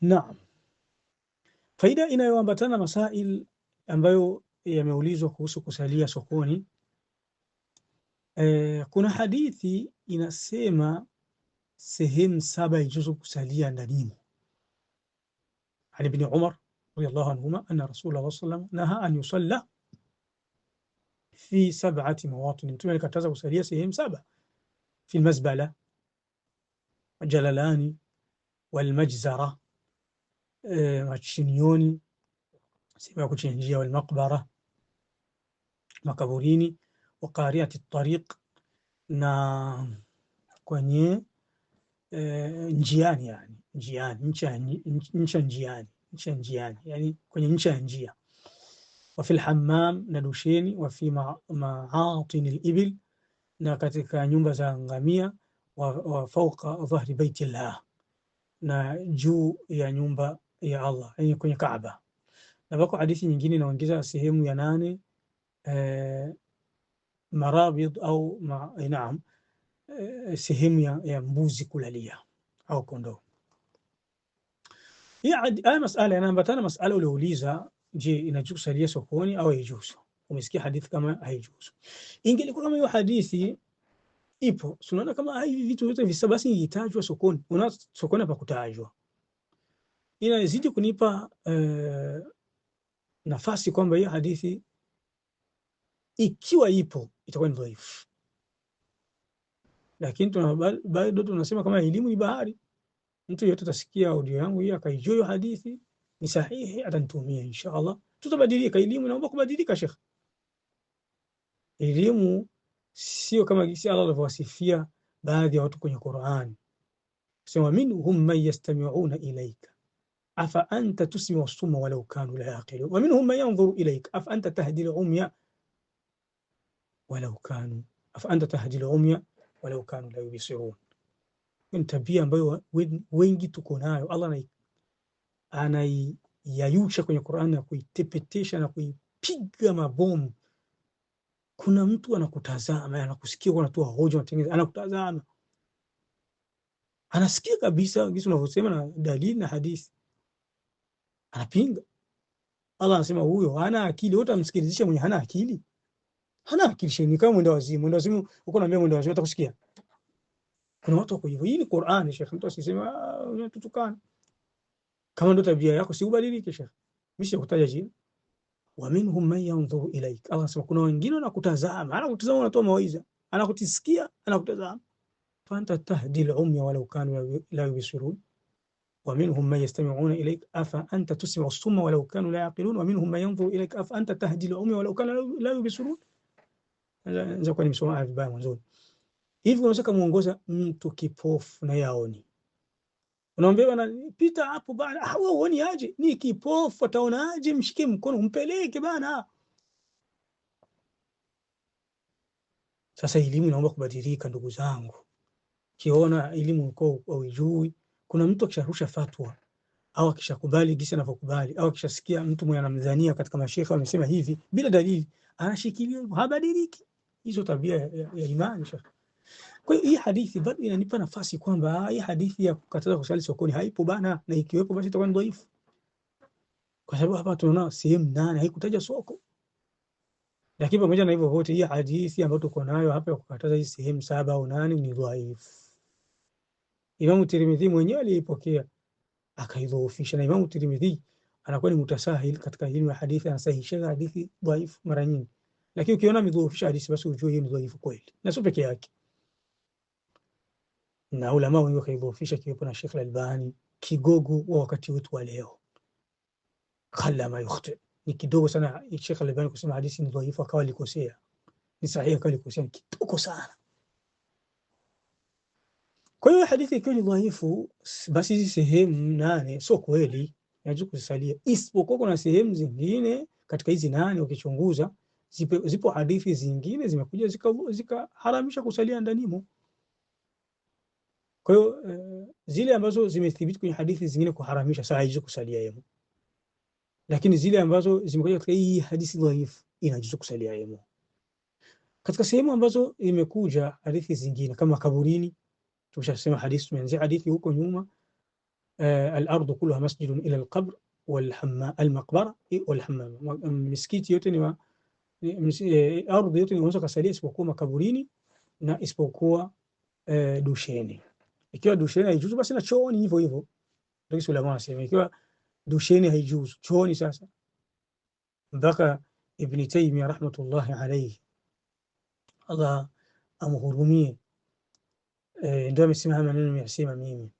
Naam. Faida inayoambatana masail ambayo yameulizwa kuhusu kusalia sokoni. E, kuna hadithi inasema sehemu saba ijuzu kusalia ndanimo. An ibni Umar radiyallahu anhuma anna Rasulullah sallallahu alayhi wasallam naha an yusalla fi sab'ati mawatini, Mtume alikataza kusalia sehemu saba: fi lmazbala, jalalani, walmajzara e, machinioni, sehemu ya kuchinjia, walmaqbara, makaburini, wa qariati tariq, na kwenye e, njiani, yani njiani, ncha njiani, ncha njiani, yani kwenye ncha ya njia wa fil hammam, na dusheni, wa fi ma'atin al na katika nyumba za ngamia, wa fawqa dhahri llah na juu ya nyumba ya Allah kwenye Kaaba. Na wako hadithi nyingine inaongeza sehemu ya nane eh, marabid au ma, naam eh, sehemu ya, ya mbuzi kulalia au kondoo. Haya masala yanaambatana masala uliouliza, je, inajukusalia sokoni au haijuzu? Umesikia hadithi kama haijuzu. Ingelikuwa kama hiyo hadithi ipo, unaona kama hivi vitu vyote visabasi vitajwa sokoni, una sokoni hapa kutajwa inazidi kunipa eh, nafasi kwamba hiyo hadithi ikiwa ipo itakuwa ni dhaifu, lakini bado tunasema kama elimu ni bahari. Mtu yeyote atasikia audio yangu hii akaijua hiyo hadithi ni sahihi, atanitumia insha Allah, tutabadilika. Elimu naomba kubadilika, Sheikh. Elimu sio kama jinsi Allah alivyowasifia baadhi ya watu kwenye Qur'an, sema minhum man yastami'una ilaika afa anta tusmi wasuma walau kanu la yaqilun wa minhum man yanzuru ilaik afa anta tahdi al-umya walau kanu afa anta tahdi al-umya walau kanu la yubsirun. Ni tabia ambayo wengi tuko nayo. Allah anai anaiyayusha kwenye Qur'an na kuitepetesha na kuipiga mabomu. Kuna mtu anakutazama, anakusikia unatoa hoja, anatengeneza, anakutazama, anasikia kabisa, jinsi unavyosema na dalili na hadithi anapinga. Allah anasema huyo hana akili, wote utamsikilizisha mwenye hana akili? Hana akili sheni kama mwenda wazimu. Mwenda wazimu uko naambia mwenda wazimu atakusikia. Kuna watu wako hivyo. Hii ni Qur'ani, Sheikh. Mtu asisema ah, unatutukana. Kama ndo tabia yako si ubadilike, Sheikh. Mimi sikutaja jina. Wa minhum man yanzuru ilaik. Allah anasema kuna wengine wanakutazama, anakutazama unatoa mawaidha, anakutisikia, anakutazama. Fanta anta tahdi al-umya walau kanu la yubsirun waminhum man yastami'una ilaik afa anta tusmi'u summa walau kanu la yaqilun waminhum man yanzuru ilaik afa anta tahdi al-ummi walau kanu la yubsirun. Naweza kuwa nimesoma vibaya mwanzoni. Hivi unaweza kumuongoza mtu kipofu na yaoni, unaambia bana, pita hapo bana, hauoni aje? Ni kipofu, ataonaje? Mshike mkono, mpeleke bana. Sasa elimu inaomba kubadilika, ndugu zangu. Kiona elimu uko au ijui kuna mtu akisharusha fatwa au akishakubali gisi anavyokubali au akishasikia mtu mwenye anamdhania katika mashekhe amesema hivi bila dalili, anashikilia habadiliki. Hizo tabia ya, ya imani. Kwa hiyo hii hadithi bado inanipa nafasi kwamba ah, hii hadithi ya kukataza kusali sokoni haipo bana, na ikiwepo basi itakuwa ni dhaifu, kwa sababu hapa tunaona sehemu nane haikutaja soko. Lakini pamoja na hivyo vyote, hii hadithi ambayo tuko nayo hapa ya kukataza hii sehemu saba au nane ni dhaifu. Imamu Tirmidhi mwenyewe aliipokea akaidhoofisha, na Imamu Tirmidhi anakuwa ni mutasahil katika ilmu ya hadithi, anasahihisha hadithi dhaifu mara nyingi, lakini ukiona amedhoofisha hadithi basi ujue hiyo ni dhaifu kweli, na sio peke yake, na ulama wengi wakaidhoofisha, kiwepo na Sheikh Al-Albani, kigogo wa wakati wetu wa leo. khalla ma yukhti, ni kidogo sana Sheikh Al-Albani kusema hadithi ni dhaifu akawa alikosea, ni sahihi akawa alikosea, ni kidogo sana. Kwa hiyo hadithi ikiwa ni dhaifu, basi hizi sehemu nane sio kweli, inaweza kusalia, isipokuwa kuna sehemu zingine katika hizi nane ukichunguza zipo, zipo hadithi zingine zimekuja zikaharamisha zika kusalia ndanimo. Kwa hiyo uh, zile ambazo zimethibiti kwenye hadithi zingine kuharamisha sasa haijuzu kusalia yemo, lakini zile ambazo zimekuja katika hii hadithi dhaifu inajuzu kusalia yemo. Katika sehemu ambazo imekuja hadithi zingine kama kaburini تشسم حديث من زي حديث يوكو يوما آه الأرض كلها مسجد إلى القبر والحمام المقبرة والحمام مسكيت يوتني ما أرض يوتني wanaweza kusalia isipokuwa makaburini na isipokuwa e, dusheni. Ikiwa dusheni haijuzu, basi na chooni hivyo hivyo, ndio sulama anasema. Ikiwa dusheni haijuzu, chooni sasa, mpaka Ibn Taymiyyah rahmatullahi alayhi, Allah amhurumie e, ndio amesema maneno yasema mimi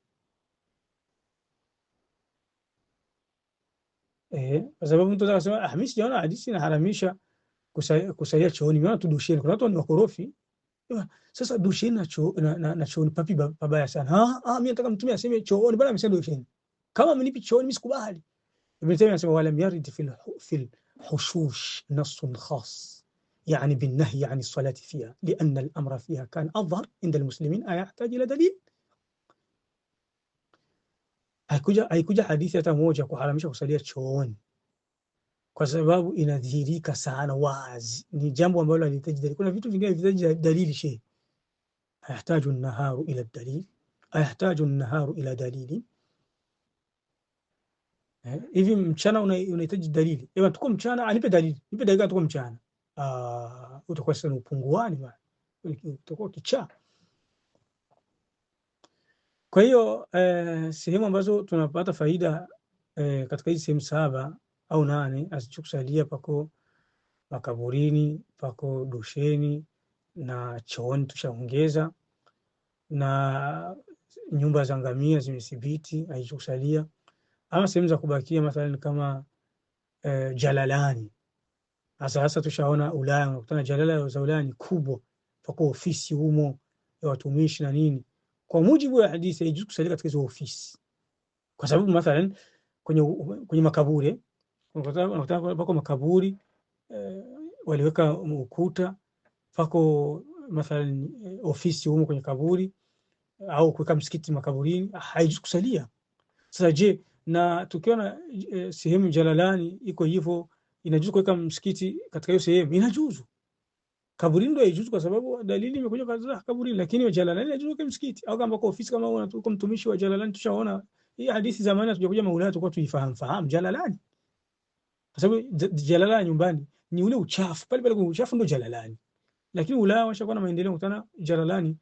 e, kwa sababu mtu akasema ah, mimi sijaona hadithi inaharamisha kusalia chooni, meona tu dusheni. Kuna watu ni wakorofi sasa dusheni na, cho, na, na, na chooni papi pabaya sana. Ah, ah, mimi nataka mtume aseme chooni, bwana amesema dusheni. Kama mnipi chooni mimi sikubali. Ibn Taymiyyah anasema walam yarid fil fil hushush nasun khas يعني بالنهي عن الصلاة فيها لأن الأمر فيها كان أظهر عند المسلمين أي يحتاج إلى دليل أي كجا أي كجا حديث يتموج على مش وصلية شون كسبب إن ذيريك سان واز نجام ومولا دليل كنا في تفنجا في دليل شيء أيحتاج النهار إلى الدليل أيحتاج النهار إلى دليل إيه، إذا مشانا ونتجد دليل إذا تكون مشانا أنا يعني بدليل بدليل تكون مشانا uh, utakuwa sasa ni upunguani, utakuwa kichaa. Kwa hiyo eh, sehemu ambazo tunapata faida eh, katika hizi sehemu saba au nane azichukusalia pako makaburini, pako dusheni na chooni tushaongeza, na nyumba za ngamia zimethibiti, aichukusalia, ama sehemu za kubakia mathalan kama eh, Jalalani Hasa hasa tushaona Ulaya, unakutana jalala za Ulaya ni kubwa, pakuwa ofisi humo ya watumishi na nini. Kwa mujibu wa hadithi, haijuzu kusalia katika hizo ofisi, kwa sababu mathalan kwenye, kwenye makaburi unakutana pako makaburi eh, waliweka ukuta pako mathalan eh, ofisi humo kwenye kaburi au kuweka msikiti makaburini, haijuzu kusalia. Sasa je, na tukiona eh, sehemu jalalani iko hivyo inajuzu kuweka msikiti katika hiyo sehemu, inajuzu. Kaburini ndio haijuzu kwa sababu dalili imekuja kaza kaburini, lakini wa jalalani inajuzu kwa msikiti au kama kwa ofisi, kama unatoka mtumishi wa jalalani. Tushaona hii hadithi zamani, tujakuja maulana tulikuwa tuifahamu fahamu jalalani, kwa sababu jalalani nyumbani ni ule uchafu pale pale, kuna uchafu ndio jalalani. Lakini Ulaya washakuwa na maendeleo, kutana jalalani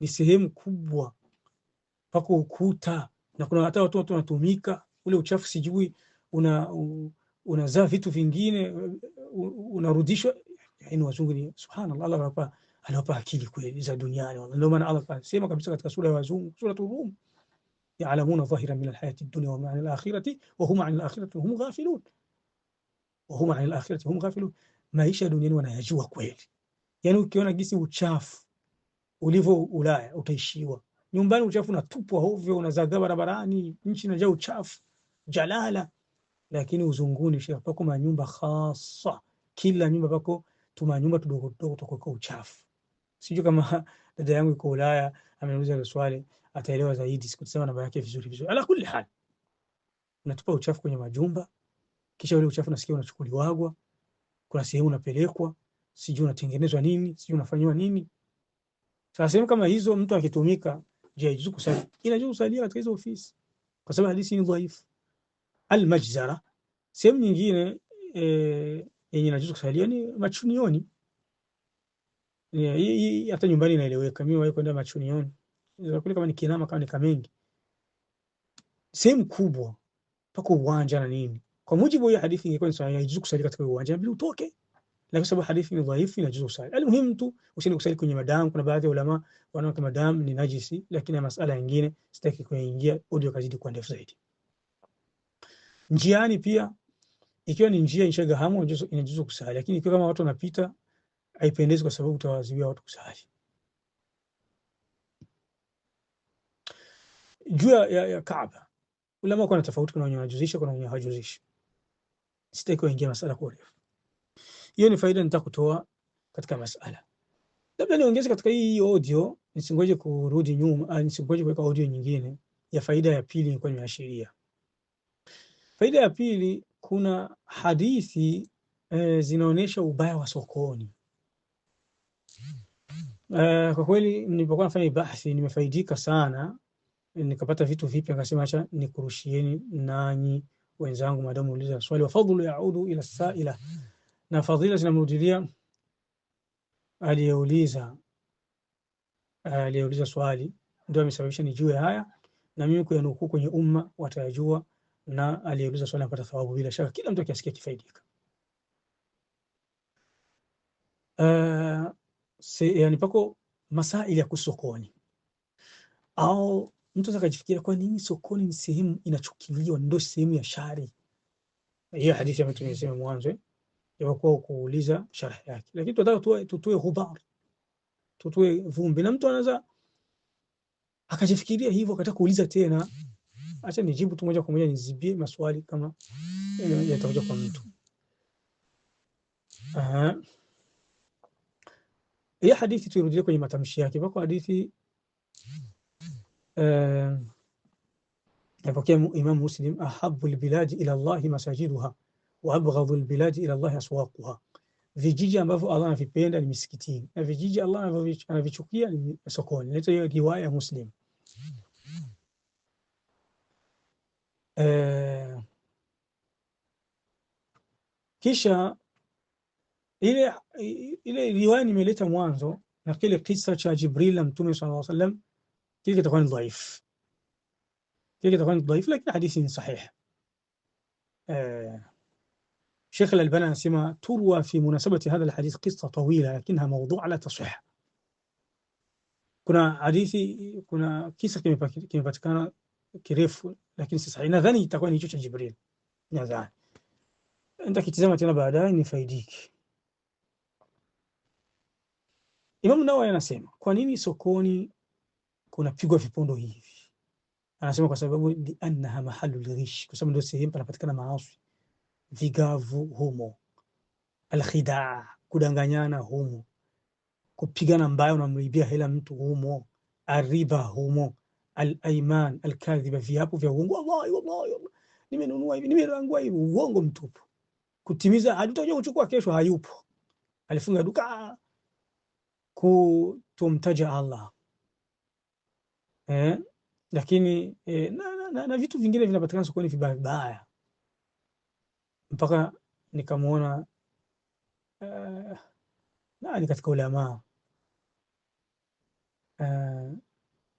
ni sehemu kubwa, pako ukuta na kuna hata watu watu wanatumika ule uchafu sijui una u, unazaa vitu vingine unarudishwa. Yani wazungu ni subhanallah, Allah anapa anapa akili kweli za duniani. Ndio maana Allah anasema kabisa katika sura ya wazungu, suratul Rum, yaalamuna dhahira min alhayati ad-dunya wa ma'al akhirati wa hum 'anil akhirati hum ghafilun, wa hum 'anil akhirati hum ghafilun. Maisha duniani wanayajua kweli. Yani ukiona gisi uchafu ulivyo Ulaya utaishiwa nyumbani, uchafu unatupwa ovyo, unazagaa barabarani, nchi inajaa uchafu jalala lakini uzunguni shekhe, pako manyumba khasa, kila nyumba pako tumanyumba tudogo tudogo tukuweka uchafu. Sijui kama dada yangu yuko Ulaya ameuliza ile swali ataelewa zaidi, sikusema namba yake vizuri vizuri. Ala kulli hal, unatupa uchafu kwenye majumba, kisha ule uchafu nasikia unachukuliwagwa, kuna sehemu unapelekwa, sijui unatengenezwa nini, sijui unafanywa nini. Sasa sehemu kama hizo mtu akitumika, je, ijuzu kusalia? Inajuzu kusalia katika hizo ofisi, kwa sababu hadithi ni dhaifu. Almajzara. Sehemu nyingine e, yenye eh, najuzwa kusalia ni machunioni. E, hii hata nyumbani inaeleweka. Mimi wahi kwenda machunioni kule, kama ni Kinama, kama ni Kamengi, sehemu kubwa pako uwanja na nini. Kwa mujibu wa hadithi, ingekuwa ni ya haijuzu kusali katika uwanja, bila utoke, lakini sababu hadithi ni dhaifu, na inajuzu kusali. Almuhimu yaani tu usiende kusali kwenye madamu. Kuna baadhi ya ulama wanaona kama damu ni najisi, lakini masala mengine sitaki kuingia, audio kazidi kuwa ndefu zaidi. Njiani pia ikiwa ni njia inashagahamu inajuzu kusali, lakini ikiwa kama watu wanapita haipendezi, kwa sababu utawazibia watu kusali. Juu ya, ya ya Kaaba ulama kuna tofauti, kuna wenye wanajuzuisha, kuna wenye hawajuzishi. Sitaki kuingia masala kwa urefu. Hiyo ni faida nitaka kutoa katika masala. Labda niongeze katika hii audio, nisingoje kurudi nyuma, ah, nisingoje kuweka audio nyingine ya faida ya pili ni nilikuwa nimeashiria. Faida ya pili, kuna hadithi e, zinaonyesha ubaya wa sokoni. E, kwa kweli nilipokuwa nafanya bahthi nimefaidika sana, nikapata vitu vipya, akasema acha nikurushieni nanyi wenzangu, madamu uliza swali. Wa fadhlu yaudu ila saila, na fadhila zinamrudilia aliyeuliza eh, aliyeuliza swali, ndio amesababisha nijue haya na mimi kuyanukuu kwenye umma watayajua na aliyeuliza swali anapata thawabu. Bila shaka kila mtu akiasikia kifaidika. Uh, eh, si, yani eh, pako masaili ya kusokoni au mtu akajifikiria kwa nini sokoni ni sehemu inachukiliwa, ndio sehemu ya shari. Hiyo hadithi ya Mtume sema mwanzo yakuwa eh? kuuliza sharh yake, lakini tunataka tutoe ghubar, tutoe vumbi, na mtu anaweza akajifikiria hivyo akataka kuuliza tena acha nijibu tu moja kwa moja, nizibie maswali kama yatakuja kwa mtu. Aha. Hii hadithi tuirudie kwenye matamshi yake. Kwa hadithi uh, yapokea Imam Muslim, ahabbu lbiladi ila Allah masajiduha wa abghadhu lbiladi ila Allah aswaquha, vijiji ambavyo Allah anavipenda ni misikitini na vijiji Allah anavichukia ni sokoni. Inaitwa hiyo riwaya ya Muslim. Kisha ile ile riwaya nimeleta mwanzo na kile kisa cha Jibril na Mtume sallallahu alaihi wasallam, kile kitakuwa ni dhaif, kile kitakuwa ni dhaif, lakini hadithi ni sahih. Sheikh Al-Albani anasema turwa fi munasabati hadha al-hadith qissa tawila lakinha mawdhu'a la tasih. Kuna hadithi, kuna kisa kimepatikana kirefu, lakini si sahih. Nadhani itakuwa ni hicho cha Jibril, nadhani nitakitizama tena baadaye nifaidike. Imamu Nawawi anasema kwa nini sokoni kunapigwa vipondo hivi? Anasema kwa sababu liannaha mahalu lghish, kwa sababu ndio sehemu panapatikana maasi, vigavu humo, alkhidaa, kudanganyana humo, kupigana mbaya, unamribia hela mtu humo, ariba humo, alaiman alkadhiba, viapo vya uongo, wallahi wallahi, nimenunua hivi, nimelangua hivi, uongo mtupu kutimiza hatutokuja kuchukua kesho, hayupo. Alifunga duka kutomtaja Allah eh, lakini eh, na, na, na, na vitu vingine vinapatikana sokoni vibaya vibaya, mpaka nikamwona eh, nani katika ulamaa eh,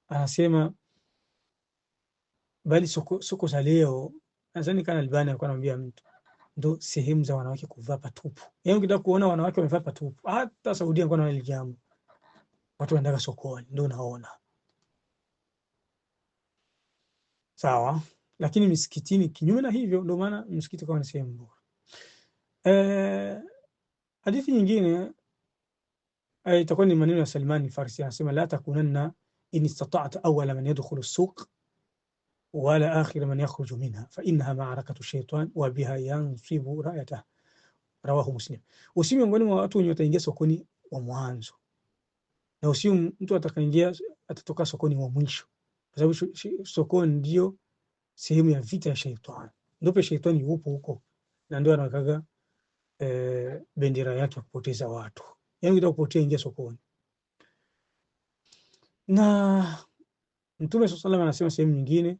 anasema bali soko, soko za leo, nadhani kana Albani alikuwa anamwambia mtu ndo sehemu za wanawake kuvaa patupu. Yaani ukitaka kuona wanawake wamevaa patupu, hata Saudia nilikuwa naona ile jambo, watu wanataka sokoni ndo unaona sawa, lakini misikitini kinyume na hivyo, ndo maana msikiti kwa ni sehemu bora. Eh, hadithi nyingine eh, itakuwa ni maneno ya Salman al Farsi anasema, la takunanna in istata'ta awwala man yadkhulu as suq wala akhira man yakhruju minha fa innaha maarakatu shaitan wa biha yansibu rayatahu rawahu Muslim. Usi miongoni mwa watu wenye wataingia sokoni wa mwanzo, na usi mtu atakaingia atatoka sokoni wa mwisho, kwa sababu sokoni ndio sehemu ya vita ya shaitani. Ndope shaitani yupo huko, na ndio anakaga e, bendera yake ya kupoteza watu, yaani ukitaka kupotea ingia sokoni. Na Mtume sallallahu wasallam anasema sehemu nyingine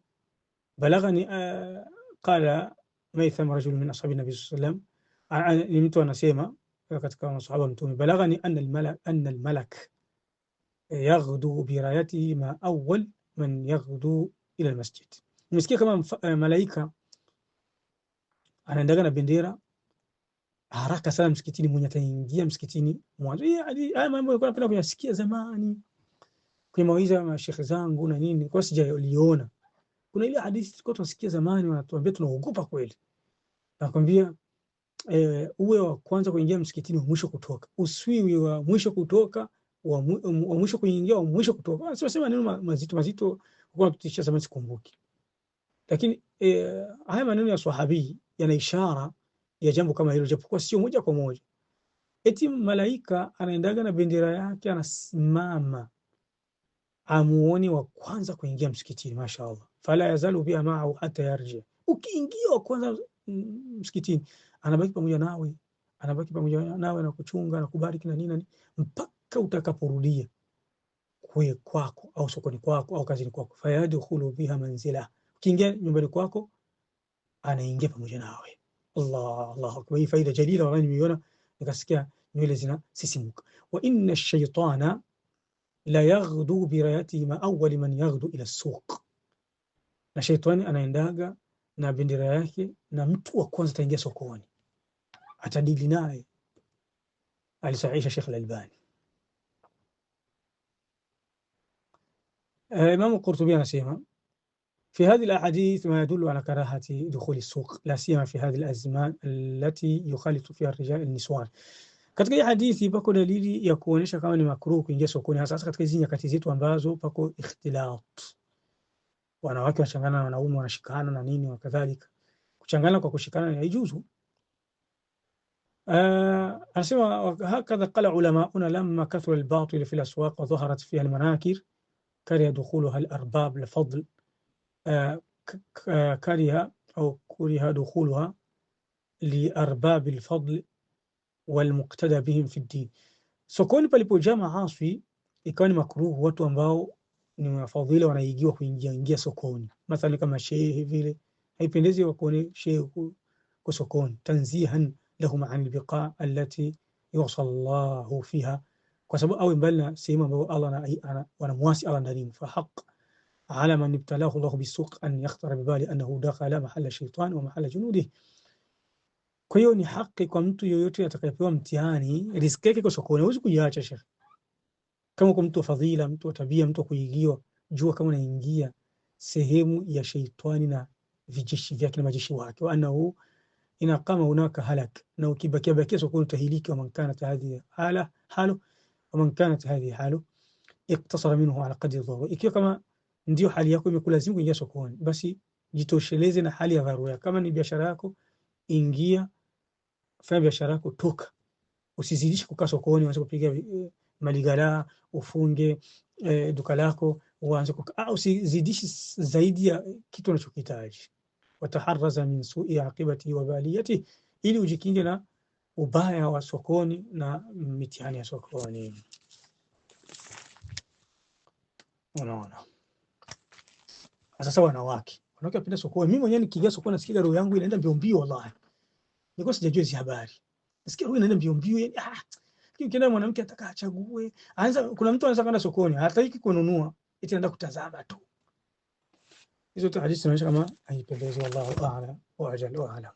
بلغني آه، قال ميثم رجل من أصحاب النبي صلى الله عليه وسلم نمت أنا سيما فقد كان أصحاب متومي بلغني أن الملك أن الملك يغدو برايته ما أول من يغدو إلى المسجد مسكي كما آه، ملائكة أنا دعنا بنديرة حركة سلام مسكتيني مونيا تنجيا مسكتيني مونيا إيه أدي أنا ما بقول أنا بقول أسكي زماني كي ما يجي شيخ زان زانغو نيني كوس جاي اليونا Kuna ile hadithi tulikuwa tunasikia zamani, wanatuambia tunaogopa kweli, nakwambia e, uwe wa kwanza kuingia msikitini, wa mwisho kutoka, usiwi wa mwisho kutoka, wa mwisho kuingia, wa mwisho kutoka. Ah, sio neno mazito mazito, kwa tutisha zamani, sikumbuki, lakini e, haya maneno ya sahabi yana ishara ya jambo kama hilo, japokuwa sio moja kwa moja. Eti malaika anaendaga na bendera yake, anasimama amuone wa kwanza kuingia msikitini. Mashaallah fala yazalu biha maahu hata yarji. Ukiingia kwanza msikitini, anabaki pamoja nawe, anabaki pamoja nawe na kuchunga na kubariki na nini mpaka utakaporudia kwe kwako au sokoni kwako au kazini kwako. Fayadkhulu biha manzila, ukiingia nyumbani kwako anaingia pamoja nawe. Allah, Allahu akbar! Hii faida jalila, wala nimeiona nikasikia nywele zinasisimuka. Wa inna shaytana la yaghdu bi rayatihi ma awwal man yaghdu ila suq na shetani anaendaga na bendera yake, na mtu wa kwanza ataingia sokoni atadili naye. alisaisha Sheikh Al-Albani. Imam qurtubi anasema fi hadhi al-ahadith ma yadullu ala karahati dukhuli as-suq la siyama fi hadhi al-azman allati yukhalitu fiha ar-rijal an-niswan, katika hii hadithi pako dalili ya kuonesha kama ni makruh kuingia sokoni, hasa katika hizi nyakati zetu ambazo pako ikhtilat wanawake wanachangana na wanaume wanashikana na nini na kadhalika. Kuchangana kwa kushikana ni haijuzu. Anasema hakadha qala ulamauna lamma kathura albatil fi alaswaq wa dhaharat fiha almanakir kariha dukhuluha alarbab lifadl kariha au kuriha dukhuluha liarbab alfadl walmuqtada bihim fi ddin. Sokoni palipojaa maaswi ikawa ni makruhu watu ambao ni wafadhili wanaigiwa kuingia ingia sokoni, mathalan kama shehe vile. Haipendezi wakuone shehe kwa sokoni, tanzihan lahum an albiqa allati yusallahu fiha, kwa sababu awe mbali na sehemu ambayo Allah wanamwasi Allah ndani. Fa haq ala man ibtalahu Allah bisuq an yakhtara bali annahu dakhala mahala shaytan wa mahala junudi. Kwa hiyo ni haki kwa mtu yoyote atakayepewa mtihani, riziki yake kwa sokoni, huwezi kuiacha shekhe Kama kwa mtu wa fadhila, mtu wa tabia, mtu wa kuigiwa, jua kama unaingia sehemu ya sheitani na vijeshi vyake na majeshi wake. wa annahu ina kama unaka halak, na ukibakia bakia sokoni utahiliki. waman kanat hadhihi hala halu waman kanat hadhihi halu iktasara minhu ala qadri dharura, ikiwa kama ndio hali yako imekulazimu kuingia sokoni, basi jitosheleze na hali ya dharura. Kama ni biashara yako, ingia fanya biashara yako, toka. Usizidishe kukaa sokoni, uanze kupiga eh, maligala ufunge e, duka lako uanze usizidishi zaidi ya kitu unachokihitaji. Wataharaza min sui aqibati wa baliyati, ili ujikinge na ubaya wa sokoni na mitihani ya sokoni. Unaona sasa, wanawake wanawake wapenda sokoni. Mimi mwenyewe nikiingia sokoni nasikia roho yangu inaenda mbio mbio, wallahi nilikuwa sijajua hizi habari, nasikia roho inaenda mbio mbio, yani ah lakini ukienda mwanamke ataka achague, anza kuna mtu anaweza kwenda sokoni, hataki kununua, eti anaenda kutazama tu. Hizo hadithi zinaonyesha kama haipendezi. Wallahu a'lam wa ajalu a'lam.